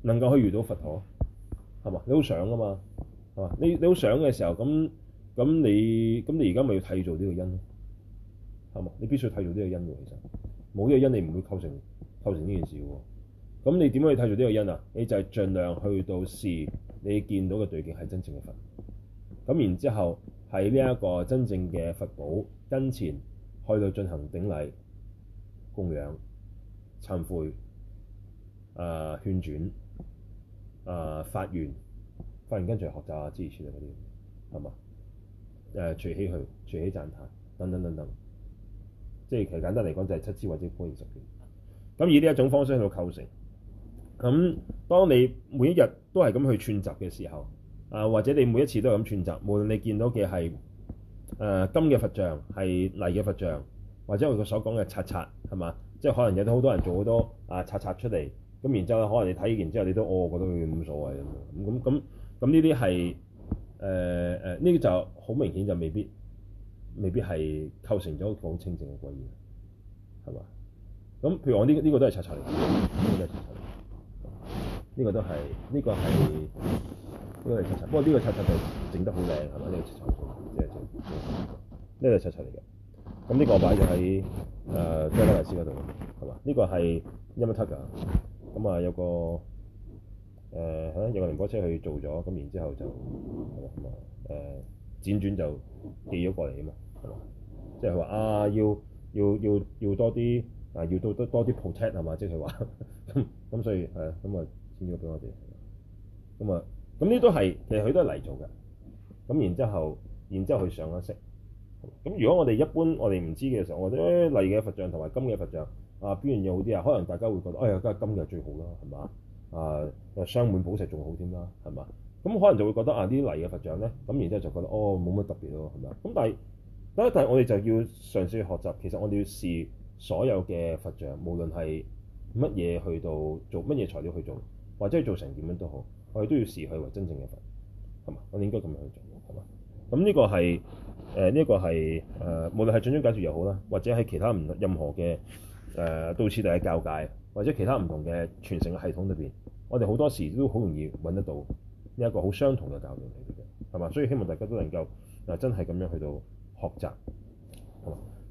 能夠去遇到佛陀係嘛？你好想噶嘛係嘛？你你好想嘅時候，咁咁你咁你而家咪要睇做呢個因咯係嘛？你必須睇做呢個因嘅其實。冇呢個因，你唔會構成構成呢件事喎。咁你點可以睇住呢個因啊？你就係盡量去到時，你見到嘅對境係真正嘅佛。咁然之後，喺呢一個真正嘅佛寶跟前，去到進行頂禮、供養、懺悔、誒勸轉、誒發願、發、呃、願跟住學習、支持嗰啲，係嘛？誒、呃，隨喜去，隨喜讚歎，等等等等。即係其實簡單嚟講，就係、是、七支或者觀音十件。咁以呢一種方式去到構成。咁當你每一日都係咁去串集嘅時候，啊或者你每一次都係咁串集，無論你見到嘅係誒金嘅佛像，係泥嘅佛像，或者我哋所講嘅擦擦，係嘛？即係可能有啲好多人做好多啊擦擦出嚟，咁然之後可能你睇完之後你都哦覺得佢冇乜所謂咁。咁咁咁咁呢啲係誒誒呢啲就好明顯就未必。未必係構成咗一個好清淨嘅貴元，係嘛？咁譬如我呢、這個呢、這個都係擦擦嚟嘅，呢、這個都係擦擦嚟，呢、這個都係呢個係呢個係擦擦。不過呢個擦擦就整得好靚，係嘛？呢、這個擦擦即係即係呢個擦擦嚟嘅。咁呢個擺就喺誒張德尼斯嗰度，係嘛？呢、這個係一蚊七㗎，咁啊有個誒、呃、有個寧波車去做咗，咁然之後就係啦咁啊誒輾轉就寄咗過嚟啊嘛～係嘛，即係話啊，要要要要多啲啊，要多多多啲 protect 係嘛，即係話咁咁，所以係啊，咁啊，先要俾我哋咁啊，咁呢都係其實，佢都係泥做嘅咁，然之後，然之後去上一色咁。如果我哋一般我哋唔知嘅時候，我誒泥嘅佛像同埋金嘅佛像啊，邊樣嘢好啲啊？可能大家會覺得哎呀，梗係金嘅最好啦，係嘛啊，又鑲滿寶石仲好添啦，係嘛咁，啊、可能就會覺得啊，啲泥嘅佛像咧，咁、啊、然之後就覺得哦，冇乜特別咯，係嘛咁，但係，但係我哋就要嘗試去學習。其實我哋要試所有嘅佛像，無論係乜嘢去到做乜嘢材料去做，或者做成點樣都好，我哋都要視佢為真正嘅佛，係嘛？我哋應該咁樣去做，係嘛？咁呢個係誒呢一個係誒、呃，無論係掌中解脫又好啦，或者係其他唔任何嘅誒道次第嘅教界，或者其他唔同嘅傳承嘅系統裏邊，我哋好多時都好容易揾得到呢一個好相同嘅教導嚟嘅，係嘛？所以希望大家都能夠嗱、啊、真係咁樣去到。學習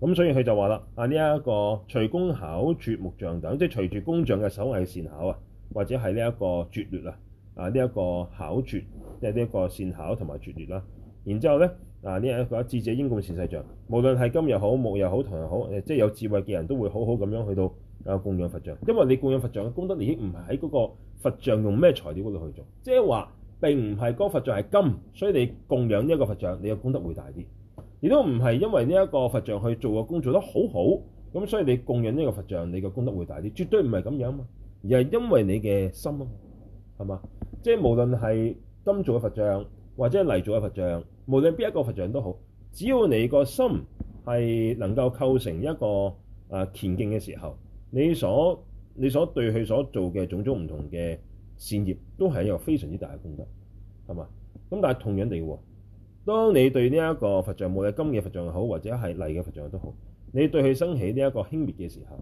咁，好，所以佢就話啦：啊，呢一個隨工巧拙木像等，即係隨住工匠嘅手藝善巧啊，或者係呢一個拙劣啊啊，呢一個巧拙即係呢一個善巧同埋拙劣啦。然之後咧啊，呢一個智者應供善逝像，無論係金又好、木又好、銅又好，即係有智慧嘅人都會好好咁樣去到啊供養佛像，因為你供養佛像嘅功德利益唔係喺嗰個佛像用咩材料嗰度去做，即係話並唔係嗰佛像係金，所以你供養呢一個佛像，你嘅功德會大啲。你都唔係因為呢一個佛像去做嘅工作得好好，咁所以你供養呢個佛像，你嘅功德會大啲，絕對唔係咁樣嘛。而係因為你嘅心啊，係嘛？即係無論係金做嘅佛像，或者泥做嘅佛像，無論邊一個佛像都好，只要你個心係能夠構成一個啊虔敬嘅時候，你所你所對佢所做嘅種種唔同嘅善業，都係一個非常之大嘅功德，係嘛？咁但係同樣地。當你對呢一個佛像，無論係金嘅佛像好，或者係泥嘅佛像都好，你對佢升起呢一個輕蔑嘅時候，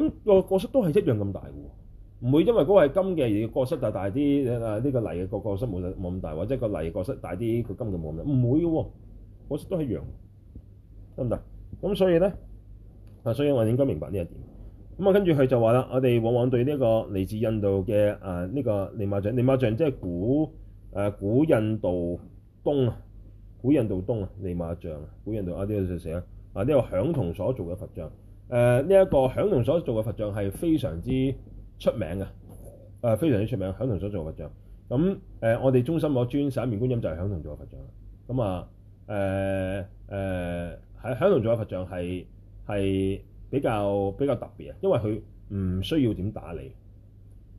咁、那個角色都係一樣咁大嘅喎，唔會因為嗰個係金嘅而個失就大啲，誒、啊、呢、這個泥嘅個角失冇冇咁大，或者個泥角失大啲，佢金就冇咁大，唔會嘅喎、啊，個失都係一樣，得唔得？咁所以咧，啊，所以我哋應該明白呢一點。咁啊，跟住佢就話啦，我哋往往對呢一個嚟自印度嘅啊呢、這個利瑪像，利瑪像即係古誒、啊、古印度東啊。古印度東啊，利瑪像啊！古印度啊，呢個就成啊！啊，呢、這個響銅所做嘅佛像，誒呢一個響銅所做嘅佛像係非常之出名嘅，誒、呃、非常之出名，響銅所做嘅佛像。咁、嗯、誒、呃，我哋中心攞尊十一面觀音就係響銅做嘅佛像咁啊，誒、嗯、誒，喺響銅做嘅佛像係係比較比較特別啊，因為佢唔需要點打理，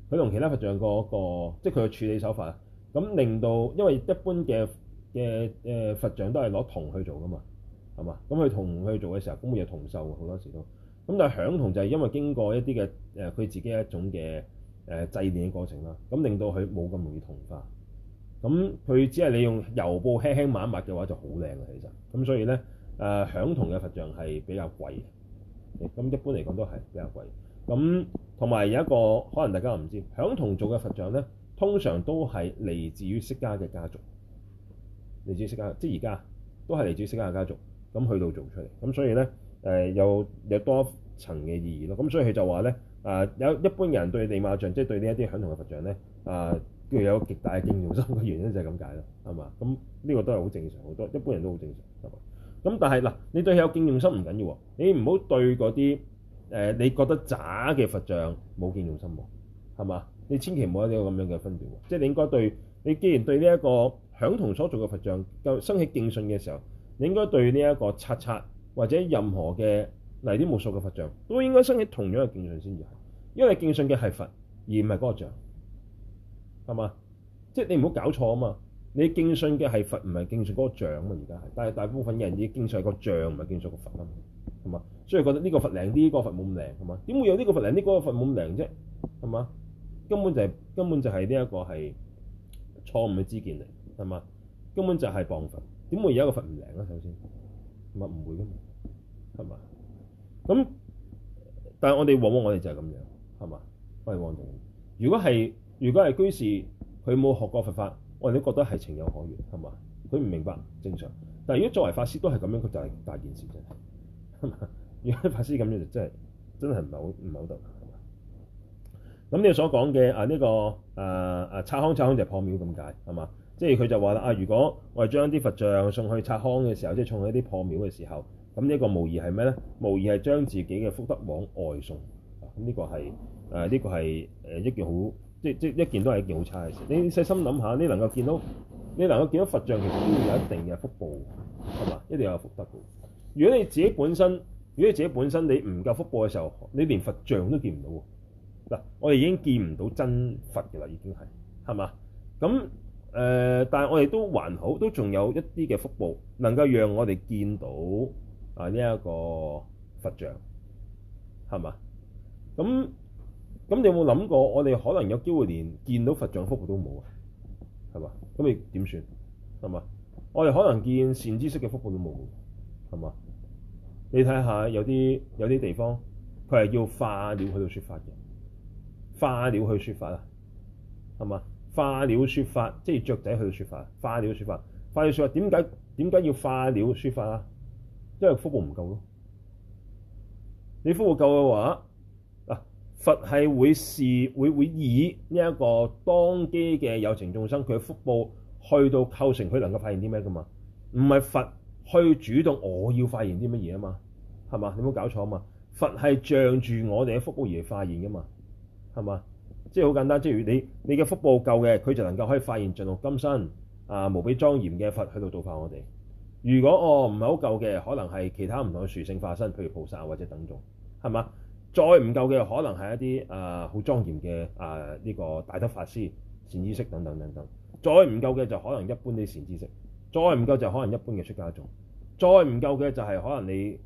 佢同其他佛像嗰、那個即係佢嘅處理手法啊。咁令到因為一般嘅。嘅誒佛像都係攞銅去做噶嘛，係嘛？咁佢銅去做嘅時候，會有銅銹好多時都咁。但係響銅就係因為經過一啲嘅誒佢自己一種嘅誒製煉嘅過程啦，咁令到佢冇咁容易銅化。咁佢只係你用油布輕輕抹一抹嘅話，就好靚嘅。其實咁所以咧誒、呃，響銅嘅佛像係比較貴嘅。咁一般嚟講都係比較貴。咁同埋有一個可能大家唔知響銅做嘅佛像咧，通常都係嚟自於釋迦嘅家族。嚟自釋迦，即係而家都係嚟自釋迦家族，咁去到做出嚟，咁所以咧，誒、呃、有有多層嘅意義咯。咁所以佢就話咧，啊、呃、有一般人對利瑪像，即係對呢一啲響銅嘅佛像咧，啊，都有極大嘅敬重心嘅原因就係咁解咯，係嘛？咁呢個都係好正常，好多一般人都好正常，係嘛？咁但係嗱、呃，你對佢有敬重心唔緊要，你唔好對嗰啲誒你覺得渣嘅佛像冇敬重心喎，係嘛？你千祈唔好有呢個咁樣嘅分別喎，即係你應該對。你既然對呢一個響同所做嘅佛像，就生起敬信嘅時候，你應該對呢一個擦擦或者任何嘅泥雕木塑嘅佛像，都應該生起同樣嘅敬信先至係。因為你敬信嘅係佛，而唔係嗰個像，係嘛？即係你唔好搞錯啊嘛！你敬信嘅係佛，唔係敬信嗰個像啊嘛。而家係，但係大部分嘅人已經敬信個像，唔係敬信個佛啊嘛，係嘛？所以覺得呢個佛靈啲，嗰個佛冇咁靈，係嘛？點會有呢個佛靈啲，嗰個佛冇咁靈啫？係嘛？根本就係，根本就係呢一個係。錯誤嘅知見嚟，係嘛？根本就係傍佛，點會而家個佛唔靈啊？首先看看，唔係唔會嘅，係嘛？咁但係我哋往往我哋就係咁樣，係嘛？我哋往往。如果係如果係居士，佢冇學過佛法，我哋都覺得係情有可原，係嘛？佢唔明白正常。但係如果作為法師都係咁樣，佢就係大，大件事真係。係嘛？如果法師咁樣就係、真係真係唔係好唔係好厚道。咁你所講嘅啊呢個啊啊擦康擦康就破廟咁解係嘛？即係佢就話啦啊！如果我係將啲佛像送去擦康嘅時候，即係送去啲破廟嘅時候，咁呢個無疑係咩咧？無疑係將自己嘅福德往外送。咁、啊、呢、這個係誒呢個係誒一件好即即一件都係一件好差嘅事。你細心諗下，你能夠見到你能夠見到佛像，其實都要有一定嘅福報係嘛？一定要有福德嘅。如果你自己本身，如果你自己本身你唔夠福報嘅時候，你連佛像都見唔到喎。嗱，我哋已經見唔到真佛嘅啦，已經係係嘛咁誒？但係我哋都還好，都仲有一啲嘅福報，能夠讓我哋見到啊呢一個佛像係嘛？咁咁，你有冇諗過？我哋可能有機會連見到佛像福報都冇啊？係嘛？咁你點算係嘛？我哋可能見善知識嘅福報都冇，係嘛？你睇下有啲有啲地方，佢係要化料去到説法嘅。化鳥去說法啊，係嘛？化鳥說法，即係雀仔去到說法。化鳥說法，化鳥說法，點解點解要化鳥說法啊？因為福報唔夠咯。你福報夠嘅話，嗱、啊，佛係會視會會以呢一個當機嘅有情眾生，佢嘅福報去到構成佢能夠發現啲咩噶嘛？唔係佛去主動我要發現啲乜嘢啊嘛？係嘛？你冇搞錯啊嘛？佛係仗住我哋嘅福報而發現噶嘛？係嘛？即係好簡單，即係你你嘅福報夠嘅，佢就能夠可以發現盡露金身啊、呃，無比莊嚴嘅佛喺度度化我哋。如果哦唔係好夠嘅，可能係其他唔同嘅殊性化身，譬如菩薩或者等眾，係嘛？再唔夠嘅可能係一啲啊好莊嚴嘅啊呢個大德法師、善知識等等等等。再唔夠嘅就可能一般啲善知識，再唔夠就可能一般嘅出家眾，再唔夠嘅就係可能你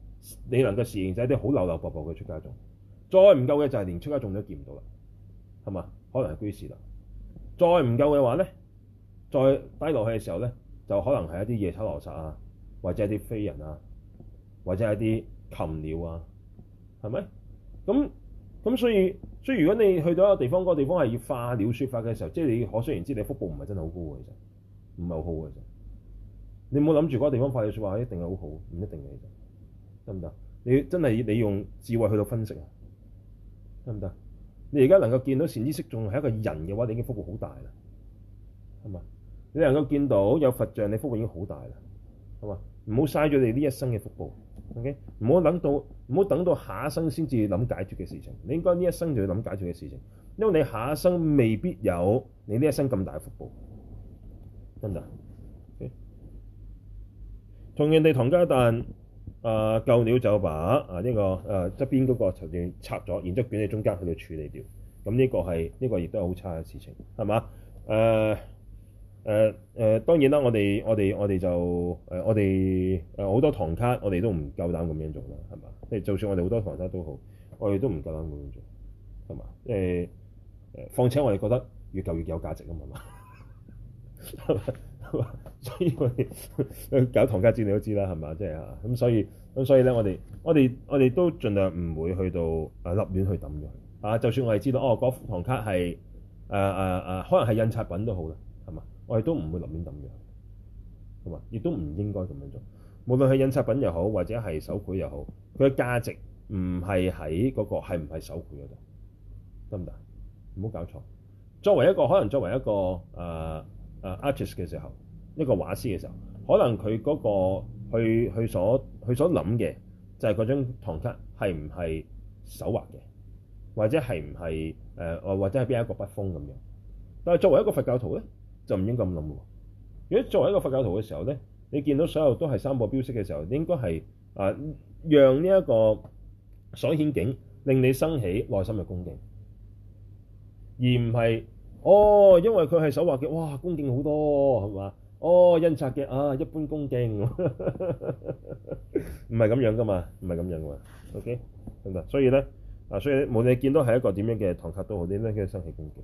你能夠示現就一啲好流流薄薄嘅出家眾，再唔夠嘅就係連出家眾都見唔到啦。係咪？可能係居士啦。再唔夠嘅話咧，再低落去嘅時候咧，就可能係一啲夜叉羅剎啊，或者係啲非人啊，或者係啲禽鳥啊，係咪？咁咁所以，所以如果你去到一個地方，嗰個地方係要化鳥説法嘅時候，即係你我雖然知你福報唔係真係好高喎，其實唔係好嘅。你唔好諗住嗰個地方化鳥説法一定係好好，唔一定嘅。其實得唔得？你真係你用智慧去到分析啊，得唔得？你而家能夠見到善知識仲係一個人嘅話，你已經福報好大啦，係嘛？你能夠見到有佛像，你，你福報已經好大啦，係、okay? 嘛？唔好嘥咗你呢一生嘅福報，OK？唔好諗到唔好等到下一生先至諗解決嘅事情，你應該呢一生就要諗解決嘅事情，因為你下一生未必有你呢一生咁大嘅福報，真㗎？Okay? 同人哋唐家大。誒舊料就把誒呢、啊這個誒側、啊、邊嗰個隨便拆咗，然之後捲喺中間去度處理掉。咁、嗯、呢、這個係呢、這個亦都係好差嘅事情，係嘛？誒誒誒，當然啦，我哋我哋我哋就誒我哋誒好多唐卡，我哋、啊啊、都唔夠膽咁樣做啦，係嘛？即係就算我哋好多唐卡都好，我哋都唔夠膽咁樣做，係嘛？誒、啊、誒，況、啊、且我哋覺得越舊越有價值啊嘛嘛。所以我哋搞唐卡展，你都知啦，係嘛？即係嚇咁，所以咁所以咧，我哋我哋我哋都盡量唔會去到啊立亂去抌佢啊。就算我哋知道哦，嗰幅唐卡係誒誒誒，可能係印刷品都好啦，係嘛？我哋都唔會立亂抌嘅，同埋亦都唔應該咁樣做。無論係印刷品又好，或者係手繪又好，佢嘅價值唔係喺嗰個係唔係手繪嗰度得唔得？唔好搞錯。作為一個可能作為一個誒誒 artist 嘅時候。一個畫師嘅時候，可能佢嗰、那個去去所佢所諗嘅就係嗰張唐卡係唔係手畫嘅，或者係唔係誒，或或者係邊一個筆風咁樣。但係作為一個佛教徒咧，就唔應該咁諗咯。如果作為一個佛教徒嘅時候咧，你見到所有都係三個標識嘅時候，應該係啊、呃，讓呢一個所顯景令你生起內心嘅恭敬，而唔係哦，因為佢係手畫嘅，哇，恭敬好多係嘛？哦，印刷嘅啊，一般恭敬，唔係咁樣噶嘛，唔係咁樣嘛 OK，係咪？所以咧，嗱、啊，所以無論你見到係一個點樣嘅唐卡都好，啲咩？都要升起恭敬。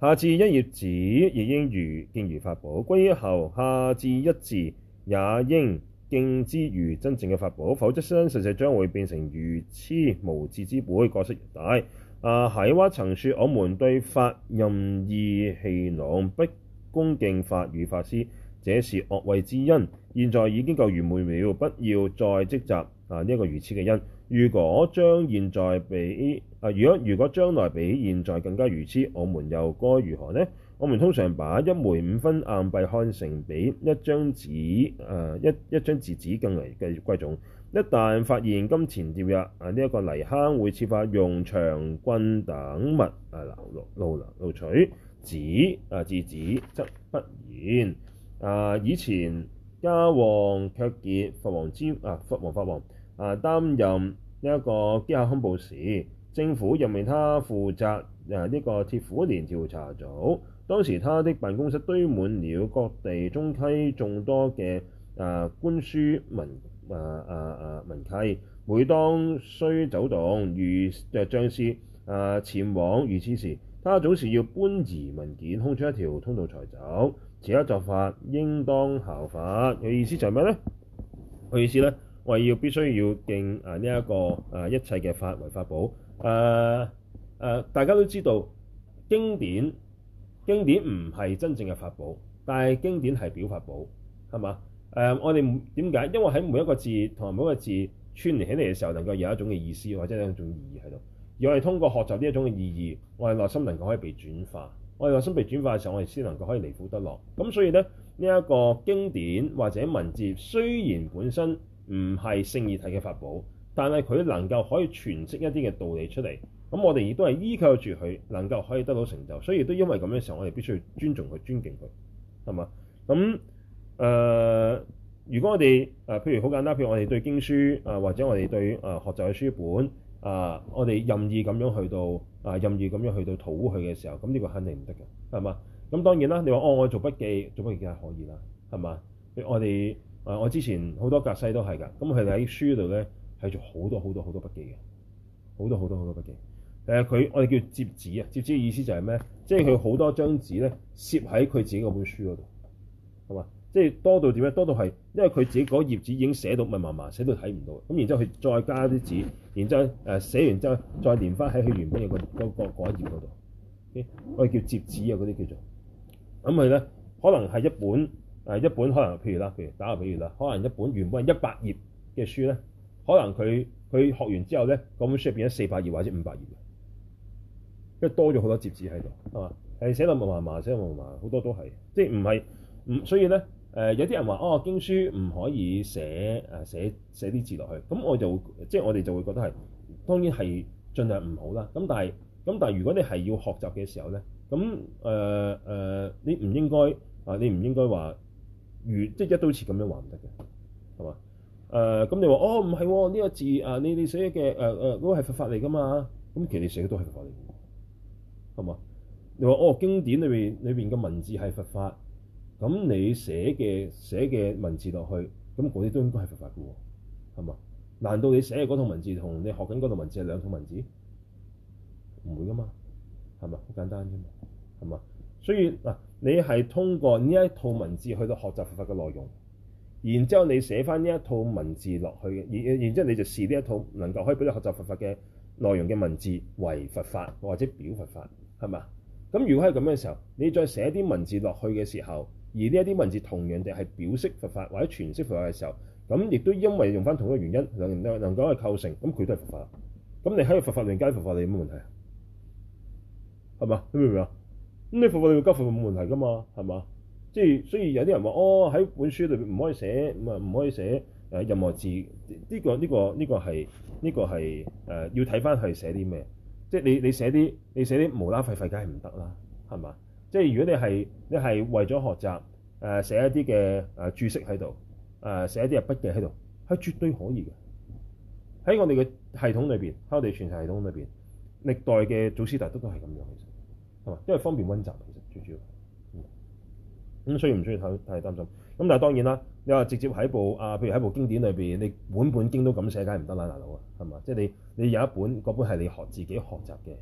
下至一頁紙，亦應如敬如法寶；皈依後，下至一字，也應敬之如真正嘅法寶。否則，生生世世將會變成愚痴無智之輩，過失極大。啊！霞惹瓦曾說：我們對法任意戲弄、不恭敬法與法師，這是惡慧之因。現在已經夠愚昧了，不要再積集啊呢一、這個愚痴嘅因。如果將現在比啊，如果如果將來比現在更加愚痴，我們又該如何呢？我們通常把一枚五分硬幣看成比一張紙，誒、啊、一一張字紙更為嘅貴重。一旦發現金錢掉入啊呢一、這個泥坑，會設法用長棍等物啊撈撈取字啊字紙則不然。啊以前嘉旺卻傑佛王之啊佛王法王啊擔任一個基巧堪布時政府任命他負責啊呢、這個鐵虎年調查組，當時他的辦公室堆滿了各地宗溪眾多嘅啊,啊官書文。啊啊啊！文契，每當需走動遇誒障礙，啊前、啊、往如此時，他總是要搬移文件，空出一條通道才走。此一作法，應當效法。佢意思就係咩咧？佢意思咧，我要必須要敬啊呢一個啊一切嘅法為法寶。誒、啊、誒、啊，大家都知道經典經典唔係真正嘅法寶，但係經典係表法寶，係嘛？誒、嗯，我哋點解？因為喺每一個字同埋每一個字串連起嚟嘅時候，能夠有一種嘅意思，或者有一種意義喺度。而我哋通過學習呢一種嘅意義，我哋內心能夠可以被轉化。我哋內心被轉化嘅時候，我哋先能夠可以離苦得樂。咁所以呢，呢、這、一個經典或者文字雖然本身唔係聖義體嘅法寶，但係佢能夠可以詮釋一啲嘅道理出嚟。咁我哋亦都係依靠住佢，能夠可以得到成就。所以都因為咁嘅時候，我哋必須要尊重佢、尊敬佢，係嘛？咁。誒、呃，如果我哋誒、呃，譬如好簡單，譬如我哋對經書啊、呃，或者我哋對誒、呃、學習嘅書本啊、呃，我哋任意咁樣去到啊、呃，任意咁樣去到塗佢嘅時候，咁呢個肯定唔得嘅，係嘛？咁當然啦，你話哦，我做筆記，做筆記係可以啦，係嘛？我哋誒、呃，我之前好多格西都係㗎，咁佢哋喺書度咧係做好多好多好多筆記嘅，好多好多好多筆記誒。佢、呃、我哋叫接紙啊，接紙嘅意思就係咩？即係佢好多張紙咧摺喺佢自己嗰本書嗰度，係嘛？即係多到點樣？多到係因為佢自己嗰頁紙已經寫到密麻麻，寫到睇唔到咁，然之後佢再加啲紙，然之後誒寫完之後再連翻喺佢原本嘅、嗰個、嗰個嗰、嗰個、頁嗰度。Okay? 我哋叫折紙啊，嗰啲叫做。咁佢咧可能係一本誒一本可能譬如啦，譬如打個比喻啦，可能一本原本係一百頁嘅書咧，可能佢佢學完之後咧，嗰本書入面變咗四百頁或者五百頁嘅，即係多咗好多折紙喺度，係嘛？係寫到密麻麻，寫到密麻麻，好多都係，即係唔係唔所以咧。誒、呃、有啲人話哦經書唔可以寫誒寫寫啲字落去，咁我就即係我哋就會覺得係當然係盡量唔好啦。咁但係咁但係如果你係要學習嘅時候咧，咁誒誒你唔應該啊、呃、你唔應該話如即係一刀切、呃哦哦這個、字咁樣話唔得嘅係嘛？誒咁你話哦唔係呢個字啊，你哋寫嘅誒誒嗰個係佛法嚟㗎嘛？咁其實你寫嘅都係佛法嚟嘅，係嘛？你話哦經典裏面裏面嘅文字係佛法。咁你寫嘅寫嘅文字落去，咁嗰啲都應該係佛法嘅喎，係嘛？難道你寫嘅嗰套文字同你學緊嗰套文字係兩套文字唔會噶嘛？係咪？好簡單啫？係嘛？所以嗱，啊，你係通過呢一套文字去到學習佛法嘅內容，然之後你寫翻呢一套文字落去，然然之後你就試呢一套能夠可以俾你學習佛法嘅內容嘅文字為佛法或者表佛法係嘛？咁如果係咁嘅時候，你再寫啲文字落去嘅時候。而呢一啲文字同樣地係表示佛法或者詮釋佛法嘅時候，咁亦都因為用翻同一個原因，能能能夠嘅構成，咁佢都係佛法。咁你喺個佛法亂加佛法，你有乜問題啊？係嘛？你明唔明啊？咁你佛法你加佛法冇問題㗎嘛？係嘛？即係所以有啲人話：哦，喺本書裏邊唔可以寫唔唔可以寫任何字。呢、呢個呢、呢個呢、呢個係呢、呢個係誒、呃、要睇翻去寫啲咩？即係你你寫啲你寫啲無啦廢廢，梗係唔得啦，係嘛？即係如果你係你係為咗學習，誒、呃、寫一啲嘅誒注釋喺度，誒、呃、寫一啲嘅筆記喺度，係絕對可以嘅。喺我哋嘅系統裏邊，喺我哋傳承系統裏邊，歷代嘅祖師大都都係咁樣，其實係嘛，因為方便溫習其實最主要。咁、嗯、所以唔需要太太擔心。咁但係當然啦，你話直接喺部啊，譬如喺部經典裏邊，你本本經都咁寫，梗係唔得啦，大佬啊，係嘛？即係你你有一本嗰本係你學自己學習嘅，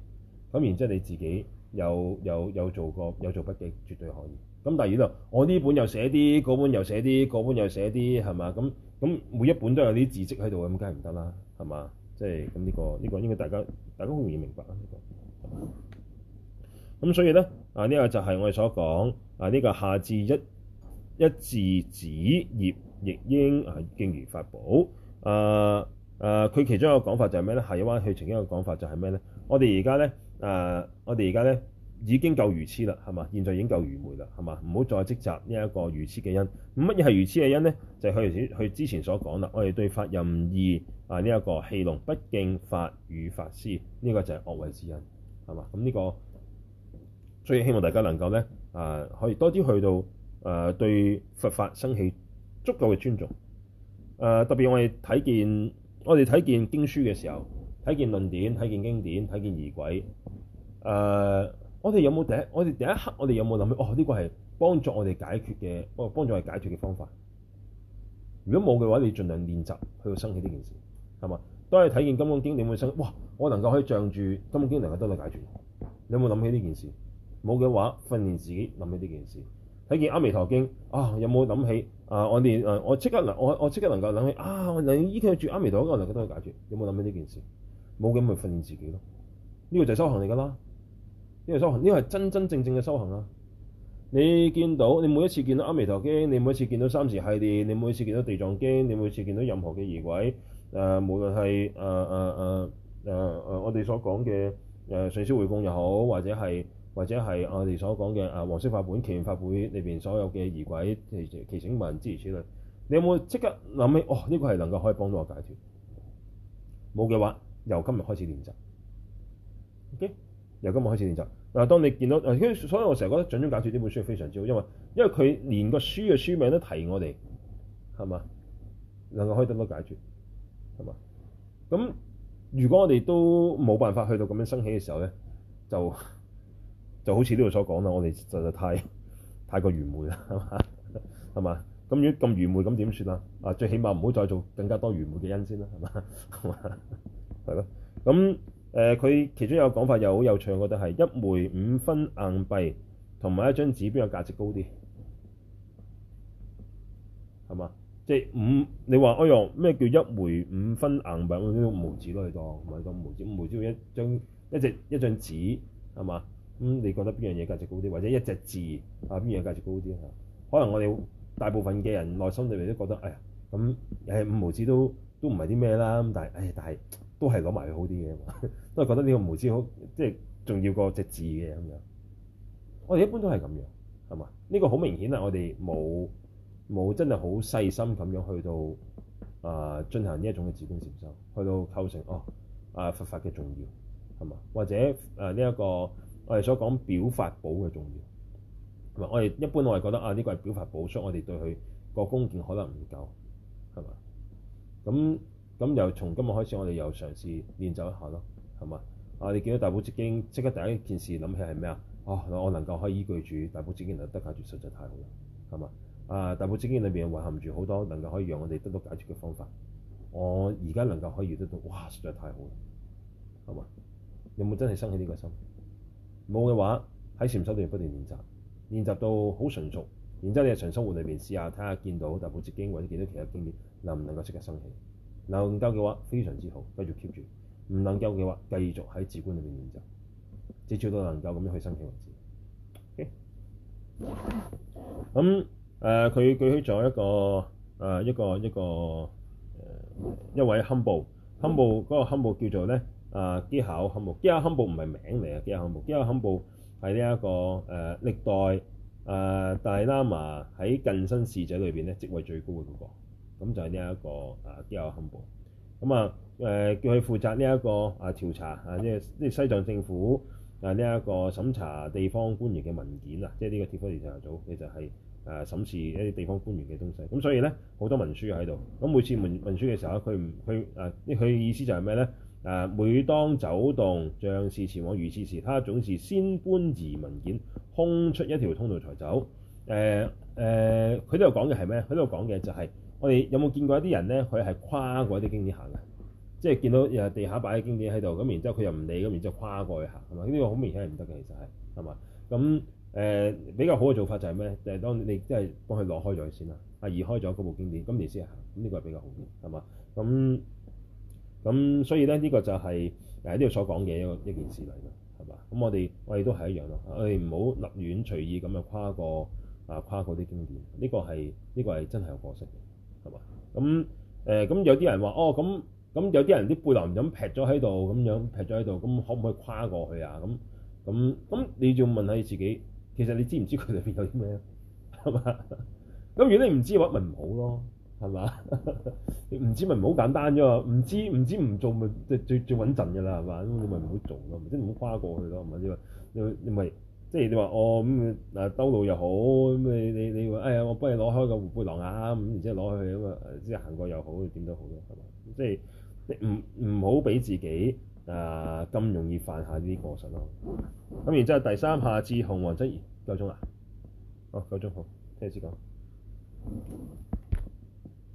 咁然之後你自己。有有有做過有做筆記，絕對可以。咁第二度，我呢本又寫啲，嗰本又寫啲，嗰本又寫啲，係嘛？咁咁每一本都有啲字跡喺度，咁梗係唔得啦，係嘛？即係咁呢個呢、呢個應該大家大家好容易明白、呢個、呢啊。咁、呢個、所以咧啊，呢個就係我哋所講啊，呢個下至一一字紙頁亦應啊，啊敬如法寶啊啊，佢、啊、其中一個講法就係咩咧？霞惹瓦佢曾經一個講法就係咩咧？我哋而家咧。誒、呃，我哋而家咧已經夠愚痴啦，係嘛？現在已經夠愚昧啦，係嘛？唔好再積集呢一個愚痴嘅因。乜嘢係愚痴嘅因咧？就佢、是、佢之前所講啦。我哋對法任意啊，呢、呃、一、這個戲弄，不敬法與法師，呢、這個就係惡慧之因，係嘛？咁、嗯、呢、這個所以希望大家能夠咧誒，可以多啲去到誒、呃、對佛法生起足夠嘅尊重。誒、呃、特別我哋睇見我哋睇見經書嘅時候，睇見論典，睇見經典，睇見儀軌。誒，我哋有冇第一？我哋第一刻，我哋有冇諗起？哦，呢個係幫助我哋解決嘅，哦，幫助我解決嘅方法。如果冇嘅話，你盡量練習去到生起呢件事，係嘛？都係睇見《金剛經》點去生？哇！我能夠可以仗住《金剛經》能夠幫你解決。你有冇諗起呢件事？冇嘅話，訓練自己諗起呢件事。睇見《阿彌陀經》啊，有冇諗起啊？我哋誒，我即刻能，我我即刻能夠諗起啊！我嚟依句住《阿彌陀經》能夠幫你解決。有冇諗起呢件事？冇嘅咁咪訓練自己咯。呢個就係修行嚟噶啦。呢個修行，呢個係真真正正嘅修行啊！你見到你每一次見到《阿彌陀經》，你每一次見到《三時系列》，你每一次見到《見到地藏經》，你每次見到任何嘅儀軌，誒、呃、無論係誒誒誒誒誒我哋所講嘅誒上師薈供又好，或者係或者係我哋所講嘅誒黃色法本、祈願法會裏邊所有嘅儀軌，奇奇請文之如此類，你有冇即刻諗起？哦，呢個係能夠可以幫到我解決？冇嘅話，由今日開始練習。OK。由今日開始練習。嗱、啊，當你見到、啊，所以我成日覺得《掌中解脫》呢本書非常之好，因為因為佢連個書嘅書名都提我哋，係嘛，能夠可以得到解脫，係嘛。咁如果我哋都冇辦法去到咁樣生起嘅時候咧，就就好似呢度所講啦，我哋實在太太過愚昧啦，係嘛，係嘛。咁如果咁愚昧，咁點算啊？啊，最起碼唔好再做更加多愚昧嘅因先啦，係嘛，係咯，咁。誒佢、呃、其中有個講法又好有趣，我覺得係一枚五分硬幣同埋一張紙邊個價值高啲？係嘛？即係五你話哎呀咩叫一枚五分硬幣？我用五毫紙攞嚟當，買張五毫紙，五毫紙一張一隻一、一張紙係嘛？咁你覺得邊樣嘢價值高啲？或者一隻字啊邊樣價值高啲啊？可能我哋大部分嘅人內心裡面都覺得哎呀，咁誒五毫紙都都唔係啲咩啦，咁但係誒、哎、但係。都係攞埋佢好啲嘅都係覺得呢個無知好，即係重要過隻字嘅咁樣。我哋一般都係咁樣，係嘛？呢個好明顯啊！我哋冇冇真係好細心咁樣去到啊、呃、進行呢一種嘅自觀接收，去到構成哦啊佛法法嘅重要，係嘛？或者誒呢一個我哋所講表法寶嘅重要，係嘛？我哋一般我哋覺得啊呢個係表法寶，所以我哋對佢個恭敬可能唔夠，係嘛？咁。咁又從今日開始，我哋又嘗試練習一下咯，係嘛？啊！你見到《大寶積經》即刻第一件事諗起係咩啊？哦，我能夠可以依據住《大寶積經》能夠得解決，實在太好啦，係嘛？啊，《大寶積經》裏邊又蘊含住好多能夠可以讓我哋得到解決嘅方法。我而家能夠可以遇到到，哇！實在太好啦，係嘛？有冇真係生起呢個心？冇嘅話，喺禪修裏邊不斷練習，練習到好純熟，然之後你日常生活裏邊試下睇下，見到《大寶積經》或者見到其他經典，能唔能夠即刻生起？能夠嘅話非常之好，繼續 keep 住；唔能夠嘅話，繼續喺自觀裏邊練習，至少都能夠咁樣去身企為止。咁誒，佢舉起咗一個誒一個一個誒一位堪布，堪布嗰個堪布叫做咧誒基巧堪布。基巧堪布唔係名嚟嘅，基巧堪布基巧堪布係呢一個誒歷代誒大喇嘛喺近身侍者裏邊咧職位最高嘅嗰個。咁就係呢一個，DR um bo, 呃、個啊，基巧堪布咁啊。誒叫佢負責呢一個啊調查啊，即係即係西藏政府啊呢一、這個審查地方官員嘅文件啊，即係呢個鐵虎調查組嘅就係、是、誒、啊、審視一啲地方官員嘅東西。咁所以咧好多文書喺度。咁每次文文書嘅時候，佢唔佢啊，佢嘅意思就係咩咧？誒、啊，每當走動、將士前往、如廁時，他總是先搬移文件，空出一條通道才走。誒、呃、誒，佢呢度講嘅係咩？佢呢度講嘅就係。我哋有冇見過一啲人咧？佢係跨過一啲經典行嘅，即係見到又係地下擺啲經典喺度，咁然之後佢又唔理，咁然之後跨過去行係嘛？呢、這個好明顯係唔得嘅，其實係係嘛？咁誒、呃、比較好嘅做法就係咩？就係、是、當你即係、就是、幫佢攞開咗佢先啦，移開咗嗰部經典，咁然先行，咁呢個係比較好啲係嘛？咁咁所以咧呢、這個就係誒呢度所講嘅一個一件事嚟㗎係嘛？咁我哋我哋都係一樣咯，我哋唔好立亂隨意咁樣跨過啊跨過啲經典，呢、這個係呢、這個係真係有過失嘅。係嘛？咁誒咁有啲人話，哦，咁咁有啲人啲背囊咁劈咗喺度，咁樣劈咗喺度，咁可唔可以跨過去啊？咁咁咁你仲問下你自己，其實你知唔知佢裏邊有啲咩？係嘛？咁如果你唔知嘅話，咪唔好咯，係嘛？你 唔知咪唔好簡單啫嘛，唔知唔知唔做咪即係最最穩陣㗎啦，係嘛？咁你咪唔好做咯，唔好跨過去咯，係嘛？你話你咪。你即係你話哦咁，嗱、嗯、兜路又好咁、嗯，你你你話，哎呀，我幫你攞開個湖背囊啊咁，然之後攞去咁啊，即、嗯、係、嗯、行過又好，點都好咯，係咪？即係唔唔好俾自己啊咁、呃、容易犯下呢啲過失咯。咁、嗯、然之後第三下志字王或者夠鐘啦？哦，夠鐘好，聽下次講。